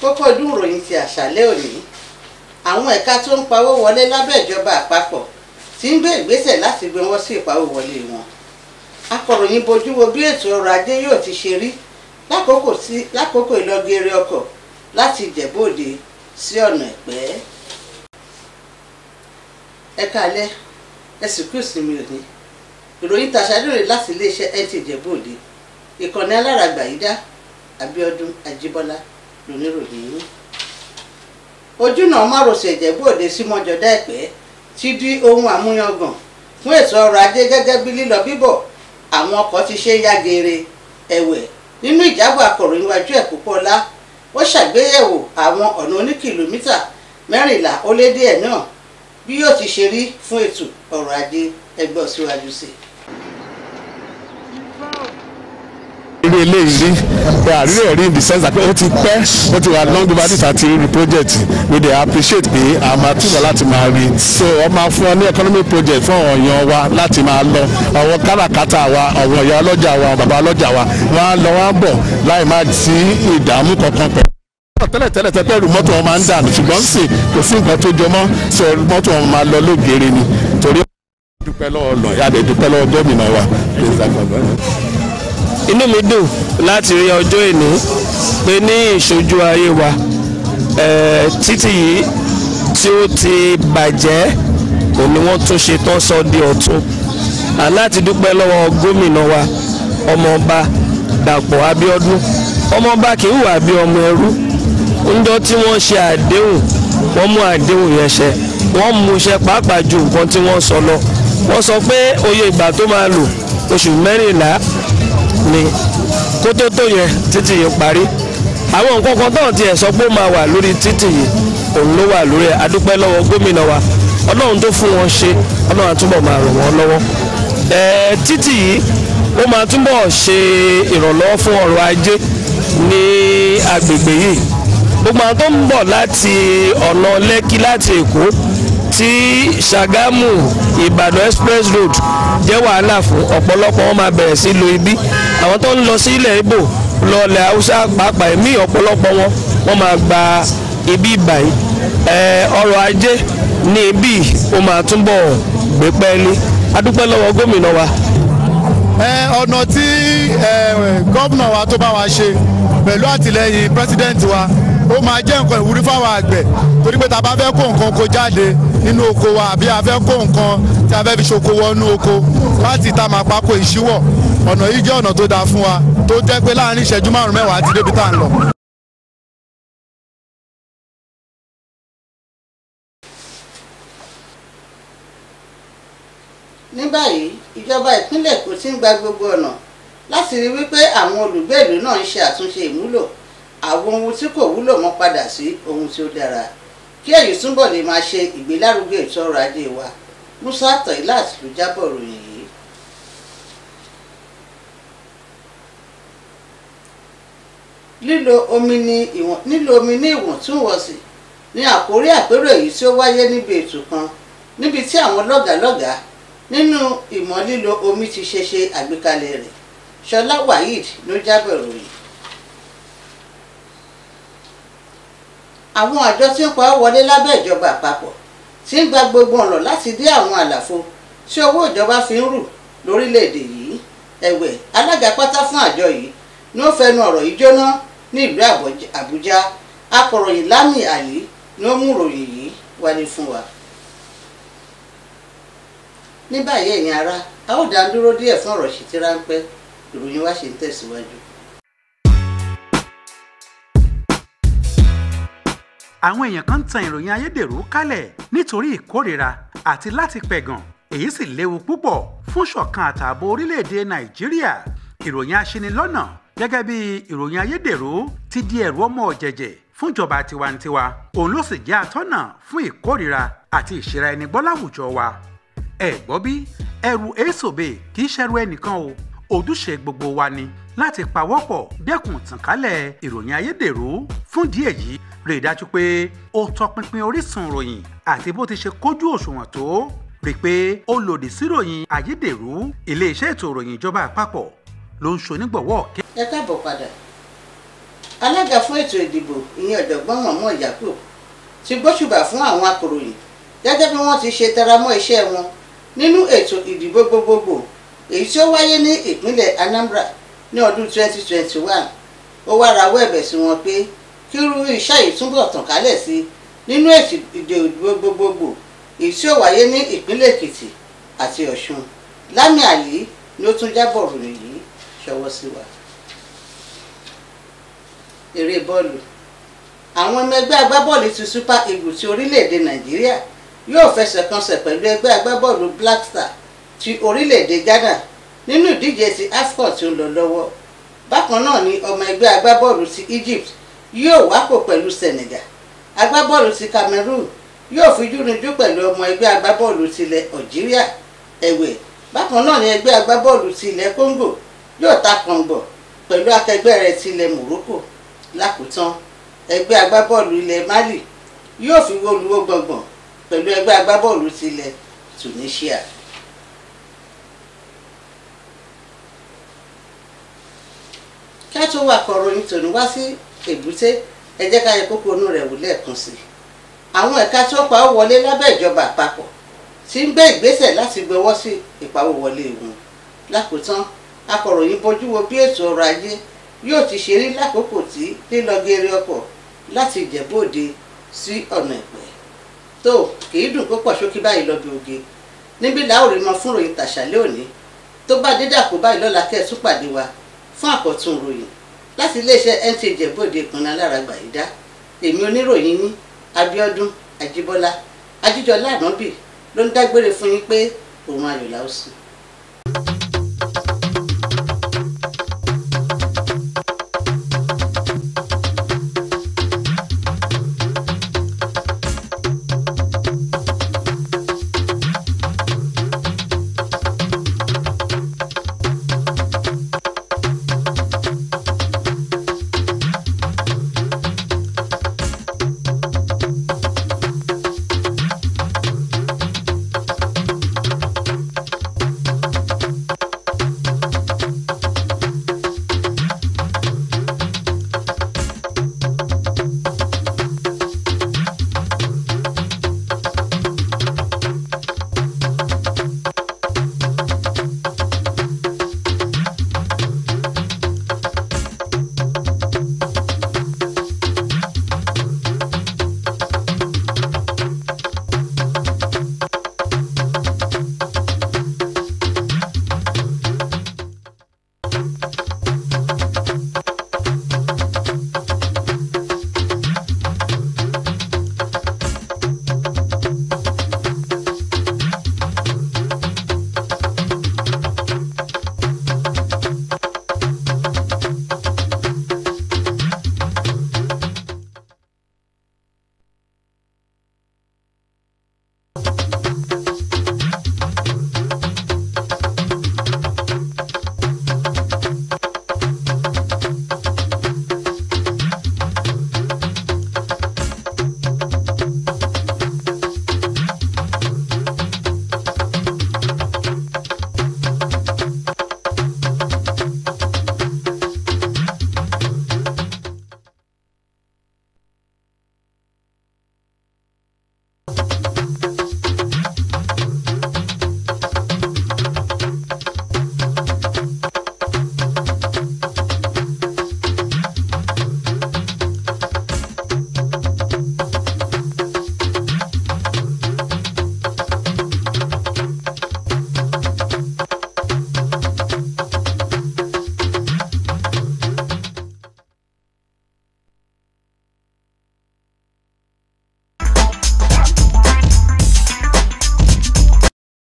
kókó ojú ìròyìn ti àṣálẹ́ òní àwọn ẹ̀ka tó ń pawó wọlé lábẹ́ ìjọba àpapọ̀ ti ń gbé ìgbésẹ̀ láti gbin wọ́n sí ìpawó wọlé wọn akọ̀ròyìn bojú wo bí ètò ọrọ̀ ajé yóò ti ṣe rí lákòókò ìlọgẹrẹ ọkọ̀ láti Ìjẹ̀bú Òde sí ọ̀nà Ẹ̀pẹ́ ẹ káalẹ́ ẹ sì kú ìsinmi òní ìròyìn tàṣádìrì láti iléeṣẹ́ NTA Ìjẹ̀bú Òde ìkànnì alárágbà yìí dá Abíọ́dún Ajíbọ́lá lóníròyìn ojúnà márosẹ̀ ìjẹ̀bú òde símọ́jọdá ẹ̀pẹ́ ti di ohun àmúyangàn fún ètò ọrọ̀ ajé gẹ́gẹ́ bí lílọ bíbọ̀ àwọn ọkọ̀ ti ṣe yá geere ẹ̀wẹ̀ nínú ìjábọ̀ akọ̀ròyìn wájú ẹ̀ púpọ̀ ọlá ó ṣàgbéyẹ̀wò àwọn ọ̀nà oní kìlómítà mẹ́rìnlá ó lé díẹ̀ náà bí yóò ti ṣe rí fún ètò ọrọ̀ ajé ẹgbẹ́ òsíwájú sí i. eléyìí rí àrírí ẹ̀rí in the sense that ó ti pẹ́ ó ti wà long overdue àti rí project we dey appreciate pé a máa túbọ̀ láti máa rí so wọ́n máa fún ọ ní economic project fún àwọn èèyàn wa láti máa lọ àwọn káràkátà wa àwọn ìyá ọlọ́jà wa bàbá ọlọ́jà wa wọ́n á lọ wọ́n á bọ̀ láì má sí ìdààmú kankan pẹ̀lú tẹ́lẹ̀ tẹ́lẹ̀ tẹ́lẹ̀ mọ́tò wọn máa ń dànù ṣùgbọ́n sì kò sí nǹkan tó jọmọ́ sọ mọ́tò wọn máa lọ lóògèrè ni torí dúpẹ́ lọ́wọ́ lọ́ọ́ yá lọ́wọ́ gómìnà wa inú mi dùn láti rí ọjọ́ ìní pé ní ìṣojú ayé wa títì yìí tí ó ti bàjẹ́ òun ni wọ́n tún ṣe tán sọ di ọ̀tun aláti dúpẹ́ lọ́wọ́ gómìnà wa ọmọọba Dàpọ̀ Abíọ́dún ọmọọba kì í hùwà bí ọmọ ẹrú ńjọ́ tí wọ́n ṣe àdéhùn wọ́n mú àdéhùn yẹn ṣẹ wọ́n mú iṣẹ́ pàápàá ju nǹkan tí wọ́n sọ lọ wọ́n sọ pé oyè ìgbà tó máa lò oṣù mẹ́rìnlá ni kó tó tó yẹ títì yìí parí àwọn nǹkan kan tó ń tiẹ̀ sọ pé ó máa wà lórí títì yìí òun ló wà lórí ẹ̀ adúpẹ́ lọ́wọ́ gómìnà wa ọlọ́run tó fún wọn ṣe ọlọ́run àtúbọ̀ máa ràn wọ́n lọ́wọ́ ẹ̀ẹ́ títì yìí ó máa túbọ̀ ṣe ìrànlọ́wọ́ fún ọrọ̀ ajé ní agbègbè yìí gbogbo àwọn tó ń bọ̀ láti ọ̀nà lẹ́kì láti èkó tí Ṣàgámù Ìbàdàn express road jẹ́ wàhálà fún ọ̀pọ̀lọpọ̀ wọn máa bẹ̀rẹ̀ sí lo ibi àwọn tó ń lọ sí ilẹ̀ Ìgbò lọ ilẹ̀ Haúsá pàápàá ẹ̀mí ọ̀pọ̀lọpọ̀ wọn wọ́n máa gba ibi ìbàyí ọrọ̀ ajé ní ibi ó máa túbọ̀ gbé pẹ́ẹ́lí adúpẹ́ lọ́wọ́ gómìnà wa. ọ̀nà tí gómìnà wa tó bá wa ṣe pẹ̀lú àtìlẹ́yìn pírẹ́sídẹ́ǹtì wa ó máa jẹ́ nǹkan ìwúrí fáwọn àgbẹ̀ torí pé tá a bá fẹ́ kó nǹkan kó jáde nínú oko wa àbí a fẹ́ kó nǹkan tí a fẹ́ fi ṣoko wọnú oko láti ta máa pákó ìṣíwọ̀ ọ̀nà yìí jẹ́ ọ̀nà tó dáa fún wa tó jẹ́ pé láàrin ìṣẹ́jú márùn mẹ́wàá àti débi tá à ń lọ. ní báyìí ìjọba ìpínlẹ̀ Èkó ti ń gba gbogbo ọ̀nà láti rí wípé àwọn olùgbé ìlú náà ń ṣe àtúnṣe ìmúlò àwọn ohun tí kò wúlò mọ́ padà sí ohun tí ó dára kí èyí túbọ̀ lè máa ṣe ìgbélárugẹ ètò ọrọ̀ ajé wa Musa Tailat ló jábọ̀ ròyìn yìí. lílo omi ní ìwọ̀n nílò omi ní ìwọ̀ntúnwọ̀nsì ní àkórí àpérò èyí tí ó wáyé níbi ètò kan níbi tí àwọn lọ́gàlọ́gà nínú ìmọ̀ lílo omi ti ṣe ṣe àgbékalẹ̀ rẹ̀ Ṣọlá Waheed ló jábọ̀ ròyìn. àwọn àjọ tí ń pa ọ́ wọlé lábẹ́ ìjọba àpapọ̀ ti ń gba gbogbo ọ̀nà láti dé àwọn àlàfo tí owó ìjọba fi ń rù lórílẹ̀‐èdè yìí ẹ̀wẹ̀ alága pátá fún àjọ yìí ni ó fẹnu ọ̀rọ̀ yìí jóná ní ìlú Àbújá akọ̀ròyìn Lámì Àlí ni ó mú ìròyìn yìí wálé fún wa. ní báyìí ẹ̀yin ará a ó dá dúró díẹ̀ fún ọ̀rọ̀ ṣètìráńpẹ́ ìròyìn wa ṣe ń tẹ̀síwájú. àwọn èèyàn kan ń tan ìròyìn ayédèrú kálẹ̀ nítorí ìkórìíra àti láti pẹ̀gàn èyí sì léwu púpọ̀ fún ṣọ̀kan àtààbò orílẹ̀-èdè nàìjíríà ìròyìn aṣinilọ́nà gẹ́gẹ́ bí ìròyìn ayédèrú ti di ẹ̀rù ọmọ ọ̀jẹ̀jẹ̀ fúnjọba tiwantiwa òun ló sì jẹ́ atọ́nà fún ìkórìíra àti ìṣera ẹni gbọ́ láwùjọ wa ẹ gbọ́ bí ẹrù èèṣòbe kì í ṣẹrù ẹnìkan o ojúṣe gbogbo wa ni láti pawọ́pọ̀ dẹ́kun tànkálẹ̀ ìròyìn ayédèrú fún díẹ̀ yìí rí i dájú pé o tọpinpin orísun ìròyìn àti bó ti ṣe kójú òṣùwọ̀n tó rí pé o lòdì sí ìròyìn ayédèrú iléeṣẹ́ ètò ìròyìn ìjọba àpapọ̀ ló ń ṣonígbọ̀wọ́ kẹ́. ẹ káàbọ̀ padà alága fún ètò ìdìbò ìyẹn ọ̀jọ̀gbọ́n mọ̀mọ́ Yakub ti gbóṣùbà fún àwọn akòròyìn gẹ́gẹ́ bí wọ́n ti ṣe tẹramọ́ iṣẹ́ wọn nínú ètò ìdìbò gbogbogbò èyí tí ó wáyé ní ìpínlẹ̀ Anambra ní ọdún 2021 ó wá rawọ́ ẹ̀bẹ̀ sí wọn pé kí irú iṣẹ́ yìí túbọ̀ tàn kálẹ̀ sí nínú èsì ìdìbò gbogbogbò èyí tí ó wáyé ní ìpínlẹ̀ Èkìtì àti Ọ̀ṣun Lámì Àlí ni ó tún jábọ̀ ròyìn yìí ṣọwọ́ sí wa. eré bọ́ọ̀lù àwọn ọmọ ẹgbẹ́ agbábọ́ọ̀lù ti Super Eagles ti orílẹ̀-èdè Nàìjíríà yóò fẹsẹ̀ kanṣẹ̀ pẹ̀lú ẹgbẹ́ agbábọ́ọ̀lù Black Star ti orílẹ̀-èdè Ghana nínú ìdíje ti AFCON tí ó ń lọ lọ́wọ́ bákan náà ni ọmọ ẹgbẹ́ agbábọ́ọ̀lù ti Egypt yóò wákò pẹ̀lú Senegal agbábọ́ọ̀lù ti Cameroon yóò fijúrinjú pẹ̀lú ọmọ ẹgbẹ́ agbábọ́ọ̀lù tilẹ̀ Algeria ẹ̀wẹ̀ bákan náà ni ẹgbẹ́ agbábọ́ọ̀lù tilẹ̀ Congo yóò ta kàngbọ̀ pẹ̀lú akẹgbẹ́ rẹ̀ tilẹ̀ Morocco lákòótán ẹgbẹ́ agbábọ́ọ̀lù ilẹ̀ Mali yóò fi wọ́luwọ́ gbọ̀ngbọ̀n pẹ̀lú ẹgbẹ́ agbábọ́ọ̀lù tilẹ̀ Tunisia. ká tó wà kọ̀rọ̀ ní tòní wá sí èbúté ẹ jẹ́ ká yẹ kókó inú rẹ̀ wò lẹ́ẹ̀kan sí i àwọn ẹ̀ka tó pa ó wọlé lábẹ́ ìjọba àpapọ̀ ti ń gbé ìgbésẹ̀ láti gbowó sí ìpawówọlé wọn lákòótán akọ̀ròyìn bojú wo bí ètò ọrọ̀ ajé yóò ti ṣe rí lákòókò tí lílọ geere ọkọ̀ láti Ìjẹ̀bú Òde sí ọ̀nà Ẹ̀pẹ́ tó kì í dùn púpọ̀ ṣókí báyìí lọ bí oge níbí làwọn ò rí mọ fúnròyìn tàṣálẹ́ tó bá dídàkú báyìí lọ́la kẹ́ẹ̀ tún pàdé wa fún àkọ́tún ìròyìn láti iléeṣẹ́ NTA Ìjẹ̀bú-Òde ìpínlẹ̀ alárágbà yìí dá èmi oníròyìn ní Abíọ́dún Ajíbọ́lá Ajíjọlá Ànábì ló ń dágbére fún yín pé òun ayọ̀ làó sùn.